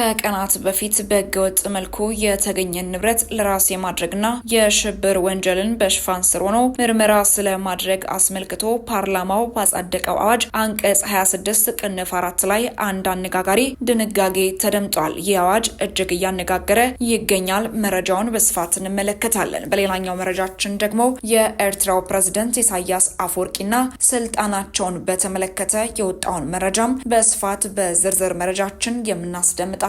ከቀናት በፊት በህገወጥ መልኩ የተገኘን ንብረት ለራስ ማድረግና የሽብር ወንጀልን በሽፋን ስር ሆኖ ምርመራ ስለማድረግ አስመልክቶ ፓርላማው ባጸደቀው አዋጅ አንቀጽ 26 ቅንፍ አራት ላይ አንድ አነጋጋሪ ድንጋጌ ተደምጧል። ይህ አዋጅ እጅግ እያነጋገረ ይገኛል። መረጃውን በስፋት እንመለከታለን። በሌላኛው መረጃችን ደግሞ የኤርትራው ፕሬዝደንት ኢሳያስ አፈወርቂና ስልጣናቸውን በተመለከተ የወጣውን መረጃም በስፋት በዝርዝር መረጃችን የምናስደምጣል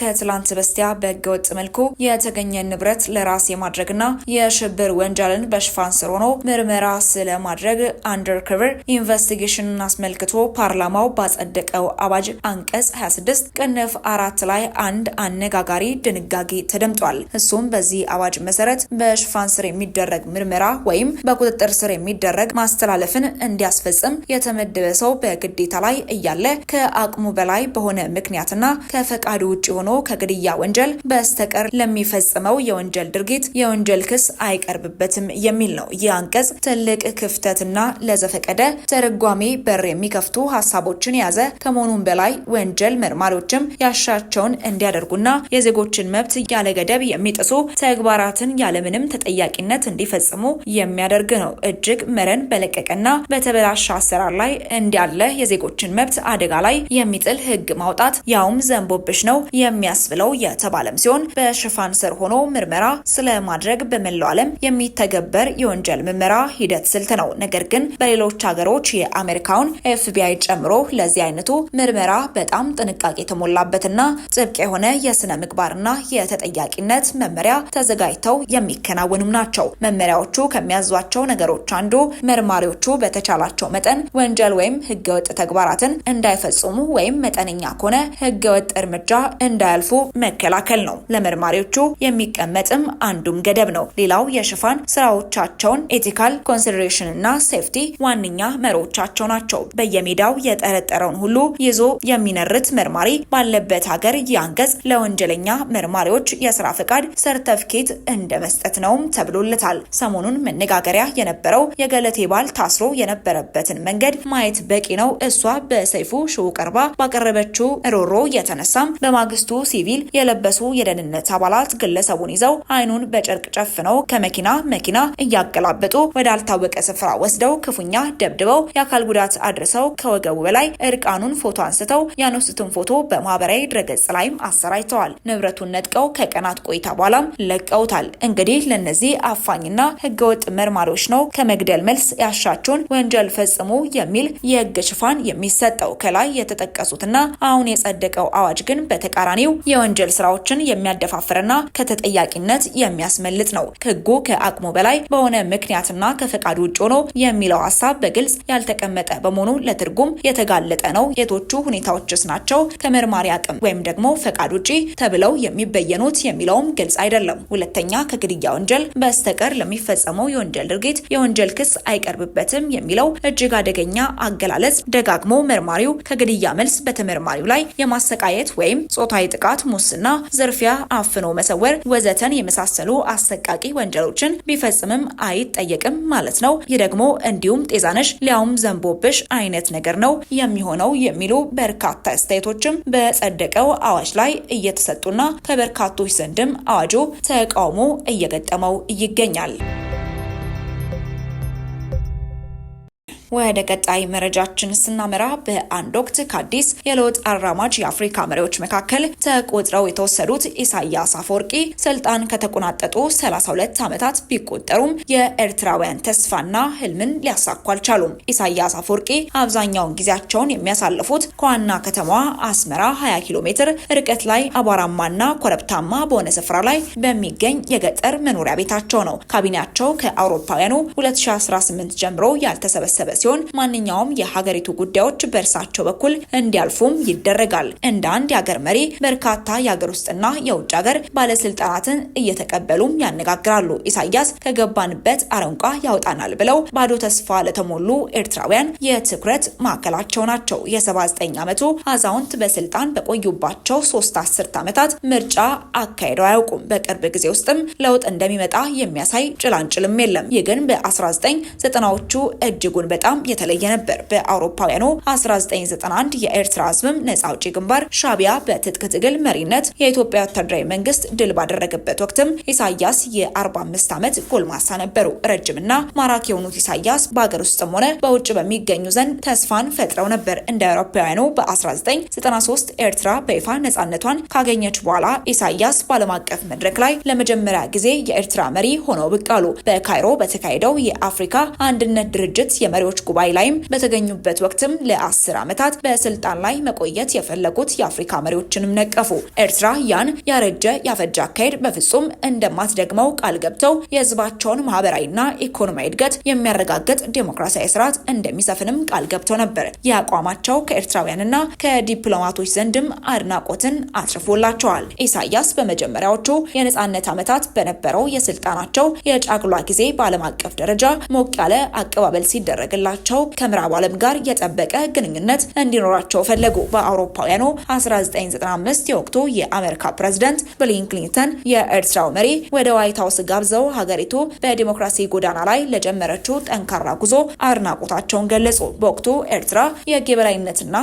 ከትላንት በስቲያ በህገወጥ መልኩ የተገኘ ንብረት ለራስ የማድረግና የሽብር ወንጀልን በሽፋን ስር ሆኖ ምርመራ ስለማድረግ አንደር ክብር ኢንቨስቲጌሽንን አስመልክቶ ፓርላማው ባጸደቀው አዋጅ አንቀጽ 26 ቅንፍ አራት ላይ አንድ አነጋጋሪ ድንጋጌ ተደምጧል። እሱም በዚህ አዋጅ መሰረት በሽፋን ስር የሚደረግ ምርመራ ወይም በቁጥጥር ስር የሚደረግ ማስተላለፍን እንዲያስፈጽም የተመደበ ሰው በግዴታ ላይ እያለ ከአቅሙ በላይ በሆነ ምክንያትና ከፈቃዱ ውጭ ሆኖ ሆኖ ከግድያ ወንጀል በስተቀር ለሚፈጽመው የወንጀል ድርጊት የወንጀል ክስ አይቀርብበትም የሚል ነው። ይህ አንቀጽ ትልቅ ክፍተትና ለዘፈቀደ ተርጓሜ በር የሚከፍቱ ሀሳቦችን የያዘ ከመሆኑም በላይ ወንጀል መርማሪዎችም ያሻቸውን እንዲያደርጉና የዜጎችን መብት ያለገደብ የሚጥሱ ተግባራትን ያለምንም ተጠያቂነት እንዲፈጽሙ የሚያደርግ ነው። እጅግ መረን በለቀቀና በተበላሸ አሰራር ላይ እንዲያለ የዜጎችን መብት አደጋ ላይ የሚጥል ሕግ ማውጣት ያውም ዘንቦብሽ ነው የሚ የሚያስብለው የተባለም ሲሆን በሽፋን ስር ሆኖ ምርመራ ስለማድረግ በመላው ዓለም የሚተገበር የወንጀል ምርመራ ሂደት ስልት ነው። ነገር ግን በሌሎች ሀገሮች የአሜሪካውን ኤፍቢአይ ጨምሮ ለዚህ አይነቱ ምርመራ በጣም ጥንቃቄ የተሞላበትና ጥብቅ የሆነ የስነ ምግባርና የተጠያቂነት መመሪያ ተዘጋጅተው የሚከናወኑም ናቸው። መመሪያዎቹ ከሚያዟቸው ነገሮች አንዱ መርማሪዎቹ በተቻላቸው መጠን ወንጀል ወይም ህገወጥ ተግባራትን እንዳይፈጽሙ ወይም መጠነኛ ከሆነ ህገወጥ እርምጃ እንዳ እንዳያልፉ መከላከል ነው። ለመርማሪዎቹ የሚቀመጥም አንዱም ገደብ ነው። ሌላው የሽፋን ስራዎቻቸውን ኤቲካል ኮንሲደሬሽን እና ሴፍቲ ዋነኛ መሮቻቸው ናቸው። በየሜዳው የጠረጠረውን ሁሉ ይዞ የሚነርት መርማሪ ባለበት ሀገር ያንገጽ ለወንጀለኛ መርማሪዎች የስራ ፈቃድ ሰርተፍኬት እንደ መስጠት ነውም ተብሎለታል። ሰሞኑን መነጋገሪያ የነበረው የገለቴ ባል ታስሮ የነበረበትን መንገድ ማየት በቂ ነው። እሷ በሰይፉ ሽው ቀርባ ባቀረበችው ሮሮ የተነሳም በማግስቱ ሲቪል የለበሱ የደህንነት አባላት ግለሰቡን ይዘው አይኑን በጨርቅ ጨፍነው ከመኪና መኪና እያገላበጡ ወዳልታወቀ ስፍራ ወስደው ክፉኛ ደብድበው የአካል ጉዳት አድርሰው ከወገቡ በላይ እርቃኑን ፎቶ አንስተው ያነሱትን ፎቶ በማህበራዊ ድረገጽ ላይም አሰራጭተዋል። ንብረቱን ነጥቀው ከቀናት ቆይታ በኋላም ለቀውታል። እንግዲህ ለነዚህ አፋኝና ህገወጥ መርማሪዎች ነው ከመግደል መልስ ያሻቸውን ወንጀል ፈጽሙ የሚል የህግ ሽፋን የሚሰጠው። ከላይ የተጠቀሱትና አሁን የጸደቀው አዋጅ ግን በተቃራኒ ውሳኔው የወንጀል ስራዎችን የሚያደፋፍርና ከተጠያቂነት የሚያስመልጥ ነው። ህጉ ከአቅሙ በላይ በሆነ ምክንያትና ከፈቃድ ውጭ ሆኖ የሚለው ሀሳብ በግልጽ ያልተቀመጠ በመሆኑ ለትርጉም የተጋለጠ ነው። የቶቹ ሁኔታዎችስ ናቸው ከመርማሪ አቅም ወይም ደግሞ ፈቃድ ውጪ ተብለው የሚበየኑት የሚለውም ግልጽ አይደለም። ሁለተኛ ከግድያ ወንጀል በስተቀር ለሚፈጸመው የወንጀል ድርጊት የወንጀል ክስ አይቀርብበትም የሚለው እጅግ አደገኛ አገላለጽ ደጋግሞ መርማሪው ከግድያ መልስ በተመርማሪው ላይ የማሰቃየት ወይም ጾታዊ ጥቃት፣ ሙስና፣ ዝርፊያ፣ አፍኖ መሰወር ወዘተን የመሳሰሉ አሰቃቂ ወንጀሎችን ቢፈጽምም አይጠየቅም ማለት ነው። ይህ ደግሞ እንዲሁም ጤዛነሽ ሊያውም ዘንቦብሽ አይነት ነገር ነው የሚሆነው የሚሉ በርካታ አስተያየቶችም በጸደቀው አዋጅ ላይ እየተሰጡና ከበርካቶች ዘንድም አዋጁ ተቃውሞ እየገጠመው ይገኛል። ወደ ቀጣይ መረጃችን ስናመራ በአንድ ወቅት ከአዲስ የለውጥ አራማጅ የአፍሪካ መሪዎች መካከል ተቆጥረው የተወሰዱት ኢሳያስ አፈወርቂ ስልጣን ከተቆናጠጡ 32 ዓመታት ቢቆጠሩም የኤርትራውያን ተስፋና ህልምን ሊያሳኩ አልቻሉም። ኢሳያስ አፈወርቂ አብዛኛውን ጊዜያቸውን የሚያሳልፉት ከዋና ከተማዋ አስመራ 20 ኪሎ ሜትር ርቀት ላይ አቧራማና ኮረብታማ በሆነ ስፍራ ላይ በሚገኝ የገጠር መኖሪያ ቤታቸው ነው። ካቢኔያቸው ከአውሮፓውያኑ 2018 ጀምሮ ያልተሰበሰበ ሲሆን ማንኛውም የሀገሪቱ ጉዳዮች በእርሳቸው በኩል እንዲያልፉም ይደረጋል። እንደ አንድ የሀገር መሪ በርካታ የሀገር ውስጥና የውጭ ሀገር ባለስልጣናትን እየተቀበሉም ያነጋግራሉ። ኢሳያስ ከገባንበት አረንቋ ያወጣናል ብለው ባዶ ተስፋ ለተሞሉ ኤርትራውያን የትኩረት ማዕከላቸው ናቸው። የ79 ዓመቱ አዛውንት በስልጣን በቆዩባቸው ሶስት አስርት ዓመታት ምርጫ አካሂደው አያውቁም። በቅርብ ጊዜ ውስጥም ለውጥ እንደሚመጣ የሚያሳይ ጭላንጭልም የለም። ይህ ግን በ1990ዎቹ እጅጉን በጣም በጣም የተለየ ነበር። በአውሮፓውያኑ 1991 የኤርትራ ህዝብም ነጻ አውጪ ግንባር ሻቢያ በትጥቅ ትግል መሪነት የኢትዮጵያ ወታደራዊ መንግስት ድል ባደረገበት ወቅትም ኢሳያስ የ45 ዓመት ጎልማሳ ነበሩ። ረጅምና ማራኪ የሆኑት ኢሳያስ በአገር ውስጥም ሆነ በውጭ በሚገኙ ዘንድ ተስፋን ፈጥረው ነበር። እንደ አውሮፓውያኑ በ1993 ኤርትራ በይፋ ነጻነቷን ካገኘች በኋላ ኢሳያስ በዓለም አቀፍ መድረክ ላይ ለመጀመሪያ ጊዜ የኤርትራ መሪ ሆነው ብቅ አሉ። በካይሮ በተካሄደው የአፍሪካ አንድነት ድርጅት የመሪዎች መሪዎች ጉባኤ ላይም በተገኙበት ወቅትም ለአስር ዓመታት በስልጣን ላይ መቆየት የፈለጉት የአፍሪካ መሪዎችንም ነቀፉ። ኤርትራ ያን ያረጀ ያፈጀ አካሄድ በፍጹም እንደማትደግመው ቃል ገብተው የህዝባቸውን ማህበራዊና ኢኮኖሚያዊ እድገት የሚያረጋግጥ ዴሞክራሲያዊ ስርዓት እንደሚሰፍንም ቃል ገብተው ነበር። የአቋማቸው ከኤርትራውያንና ከዲፕሎማቶች ዘንድም አድናቆትን አትርፎላቸዋል። ኢሳያስ በመጀመሪያዎቹ የነጻነት ዓመታት በነበረው የስልጣናቸው የጫግሏ ጊዜ በዓለም አቀፍ ደረጃ ሞቅ ያለ አቀባበል ሲደረግላቸው ያላቸው ከምዕራብ ዓለም ጋር የጠበቀ ግንኙነት እንዲኖራቸው ፈለጉ። በአውሮፓውያኑ 1995 የወቅቱ የአሜሪካ ፕሬዝደንት ቢል ክሊንተን የኤርትራው መሪ ወደ ዋይት ሀውስ ጋብዘው ሀገሪቱ በዲሞክራሲ ጎዳና ላይ ለጀመረችው ጠንካራ ጉዞ አድናቆታቸውን ገለጹ። በወቅቱ ኤርትራ የህግ የበላይነትና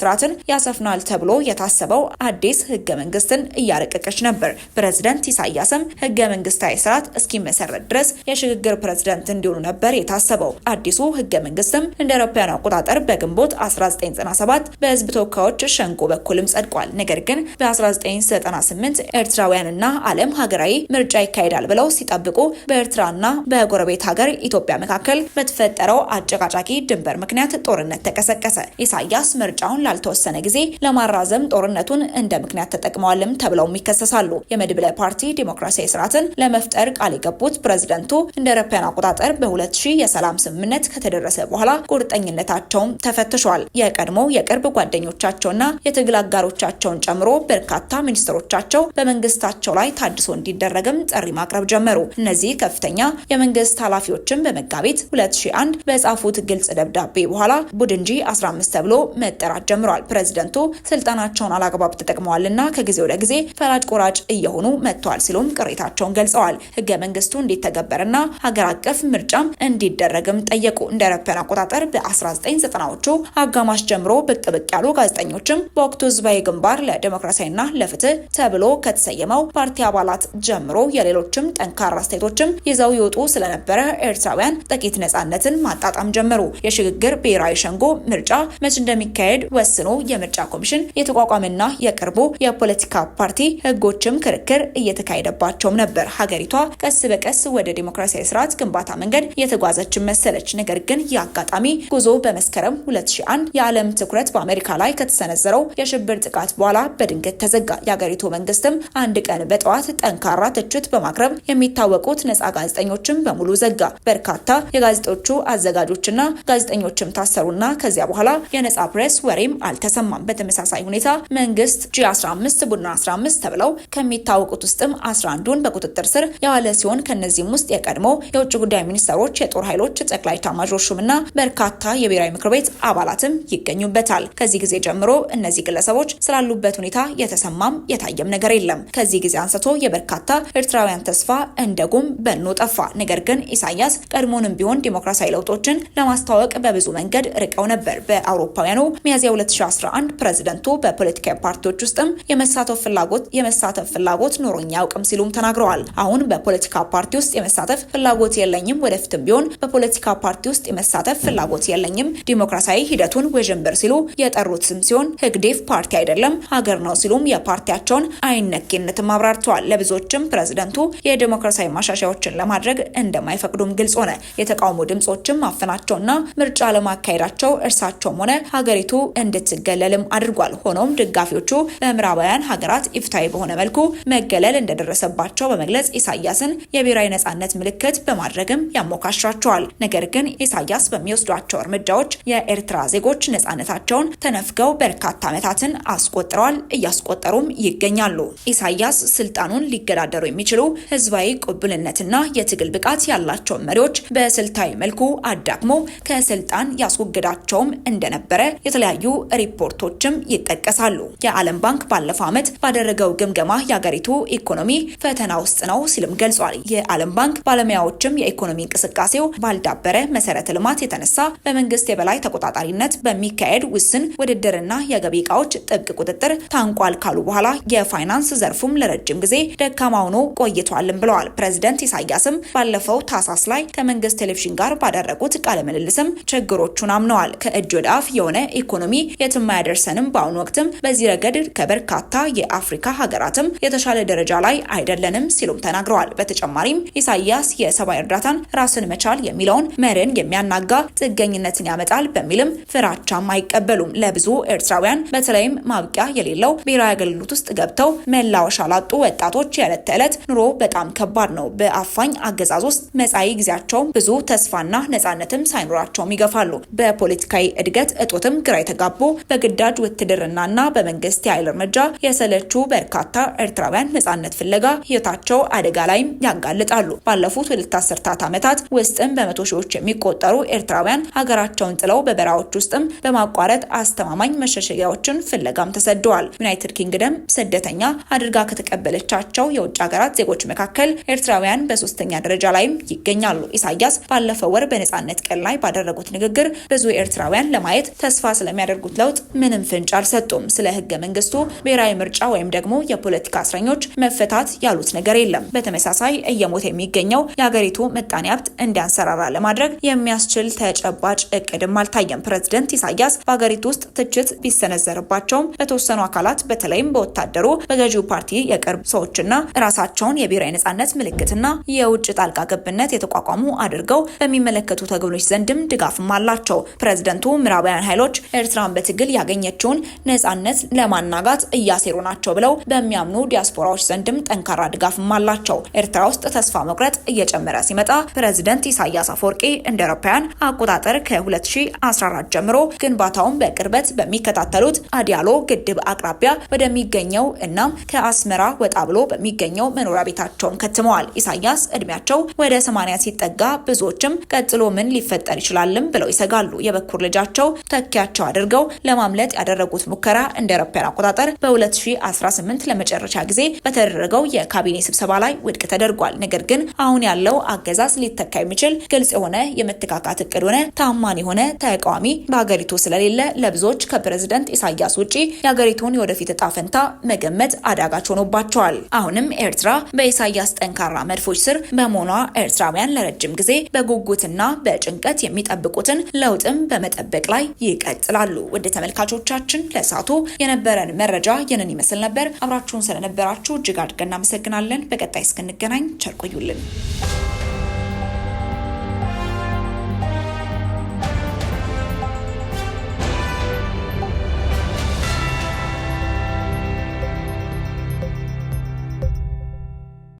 ስርዓትን ያሰፍናል ተብሎ የታሰበው አዲስ ህገ መንግስትን እያረቀቀች ነበር። ፕሬዚደንት ኢሳያስም ህገ መንግስታዊ ስርዓት እስኪመሰረት ድረስ የሽግግር ፕሬዝደንት እንዲሆኑ ነበር የታሰበው። አዲሱ ህገ መንግስትም እንደ አውሮፓውያኑ አቆጣጠር በግንቦት 1997 በህዝብ ተወካዮች ሸንጎ በኩልም ጸድቋል። ነገር ግን በ1998 ኤርትራውያንና ዓለም ሀገራዊ ምርጫ ይካሄዳል ብለው ሲጠብቁ በኤርትራና በጎረቤት ሀገር ኢትዮጵያ መካከል በተፈጠረው አጨቃጫቂ ድንበር ምክንያት ጦርነት ተቀሰቀሰ። ኢሳያስ ምርጫውን ላልተወሰነ ጊዜ ለማራዘም ጦርነቱን እንደ ምክንያት ተጠቅመዋልም ተብለውም ይከሰሳሉ። የመድብለ ፓርቲ ዲሞክራሲያዊ ስርዓትን ለመፍጠር ቃል የገቡት ፕሬዝደንቱ እንደ አውሮፓውያን አቆጣጠር በ2000 የሰላም ስምምነት ከተደረሰ በኋላ ቁርጠኝነታቸውም ተፈትሿል። የቀድሞ የቅርብ ጓደኞቻቸውና የትግል አጋሮቻቸውን ጨምሮ በርካታ ሚኒስትሮቻቸው በመንግስታቸው ላይ ታድሶ እንዲደረግም ጥሪ ማቅረብ ጀመሩ። እነዚህ ከፍተኛ የመንግስት ኃላፊዎችን በመጋቢት 2001 በጻፉት ግልጽ ደብዳቤ በኋላ ቡድን 15 ተብሎ መጠራት ጀምሯል። ፕሬዝደንቱ ስልጣናቸውን አላግባብ ተጠቅመዋልና ከጊዜ ወደ ጊዜ ፈላጭ ቆራጭ እየሆኑ መጥተዋል ሲሉም ቅሬታቸውን ገልጸዋል። ህገ መንግስቱ እንዲተገበርና ሀገር አቀፍ ምርጫም እንዲደረግም ጠየቁ። እንደ አውሮፓውያን አቆጣጠር በ1990ዎቹ አጋማሽ ጀምሮ ብቅ ብቅ ያሉ ጋዜጠኞችም በወቅቱ ህዝባዊ ግንባር ለዲሞክራሲያዊና ለፍትህ ተብሎ ከተሰየመው ፓርቲ አባላት ጀምሮ የሌሎችም ጠንካራ አስተያየቶችም ይዘው ይወጡ ስለነበረ ኤርትራውያን ጥቂት ነጻነትን ማጣጣም ጀመሩ። የሽግግር ብሔራዊ ሸንጎ ምርጫ መቼ እንደሚካሄድ ወስኖ የምርጫ ኮሚሽን የተቋቋመና የቅርቡ የፖለቲካ ፓርቲ ህጎችም ክርክር እየተካሄደባቸውም ነበር። ሀገሪቷ ቀስ በቀስ ወደ ዲሞክራሲያዊ ስርዓት ግንባታ መንገድ የተጓዘችን መሰለች። ነገር ነገር ግን ይህ አጋጣሚ ጉዞ በመስከረም 2001 የዓለም ትኩረት በአሜሪካ ላይ ከተሰነዘረው የሽብር ጥቃት በኋላ በድንገት ተዘጋ። የአገሪቱ መንግስትም አንድ ቀን በጠዋት ጠንካራ ትችት በማቅረብ የሚታወቁት ነጻ ጋዜጠኞችም በሙሉ ዘጋ። በርካታ የጋዜጦቹ አዘጋጆችና ጋዜጠኞችም ታሰሩና ከዚያ በኋላ የነጻ ፕሬስ ወሬም አልተሰማም። በተመሳሳይ ሁኔታ መንግስት ጂ15 ቡድን 15 ተብለው ከሚታወቁት ውስጥም 11ዱን በቁጥጥር ስር የዋለ ሲሆን ከነዚህም ውስጥ የቀድሞ የውጭ ጉዳይ ሚኒስተሮች፣ የጦር ኃይሎች ጠቅላይ ታማ ኤታማዦር ሹምና በርካታ የብሔራዊ ምክር ቤት አባላትም ይገኙበታል። ከዚህ ጊዜ ጀምሮ እነዚህ ግለሰቦች ስላሉበት ሁኔታ የተሰማም የታየም ነገር የለም። ከዚህ ጊዜ አንስቶ የበርካታ ኤርትራውያን ተስፋ እንደ ጉም በኖ ጠፋ። ነገር ግን ኢሳያስ ቀድሞንም ቢሆን ዲሞክራሲያዊ ለውጦችን ለማስተዋወቅ በብዙ መንገድ ርቀው ነበር። በአውሮፓውያኑ ሚያዝያ 2011 ፕሬዝደንቱ በፖለቲካዊ ፓርቲዎች ውስጥም የመሳተፍ ፍላጎት የመሳተፍ ፍላጎት ኖሮኛ አያውቅም ሲሉም ተናግረዋል። አሁን በፖለቲካ ፓርቲ ውስጥ የመሳተፍ ፍላጎት የለኝም፣ ወደፊትም ቢሆን በፖለቲካ ፓርቲ ውስጥ የመሳተፍ ፍላጎት የለኝም፣ ዲሞክራሲያዊ ሂደቱን ውዥንብር ሲሉ የጠሩት ስም ሲሆን ህግዴፍ ፓርቲ አይደለም ሀገር ነው ሲሉም የፓርቲያቸውን አይነኬነትም አብራርተዋል። ለብዙዎችም ፕሬዝደንቱ የዲሞክራሲያዊ ማሻሻያዎችን ለማድረግ እንደማይፈቅዱም ግልጽ ሆነ። የተቃውሞ ድምጾችም ማፈናቸውና ምርጫ ለማካሄዳቸው እርሳቸውም ሆነ ሀገሪቱ እንድትገለልም አድርጓል። ሆኖም ደጋፊዎቹ በምዕራባውያን ሀገራት ኢፍታዊ በሆነ መልኩ መገለል እንደደረሰባቸው በመግለጽ ኢሳያስን የብሔራዊ ነጻነት ምልክት በማድረግም ያሞካሽራቸዋል። ነገር ግን ኢሳያስ በሚወስዷቸው እርምጃዎች የኤርትራ ዜጎች ነጻነታቸውን ተነፍገው በርካታ ዓመታትን አስቆጥረዋል፣ እያስቆጠሩም ይገኛሉ። ኢሳያስ ስልጣኑን ሊገዳደሩ የሚችሉ ህዝባዊ ቁብልነትና የትግል ብቃት ያላቸውን መሪዎች በስልታዊ መልኩ አዳክሞ ከስልጣን ያስወገዳቸውም እንደነበረ የተለያዩ ሪፖርቶችም ይጠቀሳሉ። የዓለም ባንክ ባለፈው ዓመት ባደረገው ግምገማ የአገሪቱ ኢኮኖሚ ፈተና ውስጥ ነው ሲልም ገልጿል። የዓለም ባንክ ባለሙያዎችም የኢኮኖሚ እንቅስቃሴው ባልዳበረ መሰረ መሰረተ ልማት የተነሳ በመንግስት የበላይ ተቆጣጣሪነት በሚካሄድ ውስን ውድድርና የገቢ እቃዎች ጥብቅ ቁጥጥር ታንቋል ካሉ በኋላ የፋይናንስ ዘርፉም ለረጅም ጊዜ ደካማ ሆኖ ቆይቷልም ብለዋል። ፕሬዚደንት ኢሳያስም ባለፈው ታህሳስ ላይ ከመንግስት ቴሌቪዥን ጋር ባደረጉት ቃለ ምልልስም ችግሮቹን አምነዋል። ከእጅ ወደ አፍ የሆነ ኢኮኖሚ የትም አያደርሰንም። በአሁኑ ወቅትም በዚህ ረገድ ከበርካታ የአፍሪካ ሀገራትም የተሻለ ደረጃ ላይ አይደለንም ሲሉም ተናግረዋል። በተጨማሪም ኢሳያስ የሰብአዊ እርዳታን ራስን መቻል የሚለውን መርን የሚያናጋ ጥገኝነትን ያመጣል በሚልም ፍራቻም አይቀበሉም። ለብዙ ኤርትራውያን በተለይም ማብቂያ የሌለው ብሔራዊ አገልግሎት ውስጥ ገብተው መላወሻ ላጡ ወጣቶች የዕለት ተዕለት ኑሮ በጣም ከባድ ነው። በአፋኝ አገዛዝ ውስጥ መጻኢ ጊዜያቸው ብዙ ተስፋና ነጻነትም ሳይኖራቸውም ይገፋሉ። በፖለቲካዊ እድገት እጦትም ግራ የተጋቡ በግዳጅ ውትድርናና በመንግስት የኃይል እርምጃ የሰለቹ በርካታ ኤርትራውያን ነጻነት ፍለጋ ህይወታቸው አደጋ ላይም ያጋልጣሉ። ባለፉት ሁለት አስርታት ዓመታት ውስጥም በመቶ ሺዎች የሚቆ የተቆጠሩ ኤርትራውያን ሀገራቸውን ጥለው በበረሃዎች ውስጥም በማቋረጥ አስተማማኝ መሸሸጊያዎችን ፍለጋም ተሰደዋል። ዩናይትድ ኪንግደም ስደተኛ አድርጋ ከተቀበለቻቸው የውጭ ሀገራት ዜጎች መካከል ኤርትራውያን በሶስተኛ ደረጃ ላይም ይገኛሉ። ኢሳያስ ባለፈው ወር በነጻነት ቀን ላይ ባደረጉት ንግግር ብዙ ኤርትራውያን ለማየት ተስፋ ስለሚያደርጉት ለውጥ ምንም ፍንጭ አልሰጡም። ስለ ህገ መንግስቱ፣ ብሔራዊ ምርጫ ወይም ደግሞ የፖለቲካ እስረኞች መፈታት ያሉት ነገር የለም። በተመሳሳይ እየሞተ የሚገኘው የሀገሪቱ ምጣኔ ሀብት እንዲያንሰራራ ለማድረግ የሚ የሚያስችል ተጨባጭ እቅድም አልታየም። ፕሬዝደንት ኢሳያስ በሀገሪቱ ውስጥ ትችት ቢሰነዘርባቸውም በተወሰኑ አካላት በተለይም በወታደሩ በገዢው ፓርቲ የቅርብ ሰዎችና ራሳቸውን የብሔራዊ ነጻነት ምልክትና የውጭ ጣልቃ ገብነት የተቋቋሙ አድርገው በሚመለከቱ ተገሎች ዘንድም ድጋፍም አላቸው። ፕሬዝደንቱ ምዕራባውያን ኃይሎች ኤርትራን በትግል ያገኘችውን ነጻነት ለማናጋት እያሴሩ ናቸው ብለው በሚያምኑ ዲያስፖራዎች ዘንድም ጠንካራ ድጋፍም አላቸው። ኤርትራ ውስጥ ተስፋ መቁረጥ እየጨመረ ሲመጣ ፕሬዝደንት ኢሳያስ አፈወርቂ እንደ አውሮፓውያን አቆጣጠር ከ2014 ጀምሮ ግንባታውን በቅርበት በሚከታተሉት አዲያሎ ግድብ አቅራቢያ ወደሚገኘው እናም ከአስመራ ወጣ ብሎ በሚገኘው መኖሪያ ቤታቸውን ከትመዋል። ኢሳያስ እድሜያቸው ወደ 80 ሲጠጋ ብዙዎችም ቀጥሎ ምን ሊፈጠር ይችላልም ብለው ይሰጋሉ። የበኩር ልጃቸው ተኪያቸው አድርገው ለማምለጥ ያደረጉት ሙከራ እንደ አውሮፓውያን አቆጣጠር በ2018 ለመጨረሻ ጊዜ በተደረገው የካቢኔ ስብሰባ ላይ ውድቅ ተደርጓል። ነገር ግን አሁን ያለው አገዛዝ ሊተካ የሚችል ግልጽ የሆነ የመተካካት እቅድ ሆነ ታማኝ የሆነ ተቃዋሚ በሀገሪቱ ስለሌለ ለብዙዎች ከፕሬዝደንት ኢሳያስ ውጪ የሀገሪቱን የወደፊት እጣ ፈንታ መገመት አዳጋች ሆኖባቸዋል። አሁንም ኤርትራ በኢሳያስ ጠንካራ መድፎች ስር በመሆኗ ኤርትራውያን ለረጅም ጊዜ በጉጉትና በጭንቀት የሚጠብቁትን ለውጥም በመጠበቅ ላይ ይቀጥላሉ። ውድ ተመልካቾቻችን ለሳቱ የነበረን መረጃ ይህንን ይመስል ነበር። አብራችሁን ስለነበራችሁ እጅግ አድርገን እናመሰግናለን። በቀጣይ እስክንገናኝ ቸር ቆዩልን።